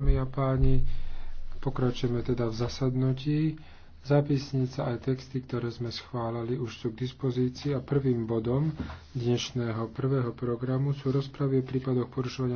Dámy a páni, pokračujeme teda v zasadnutí. Zápisnica aj texty, ktoré sme schválali, už sú k dispozícii a prvým bodom dnešného prvého programu sú rozpravy o prípadoch porušovania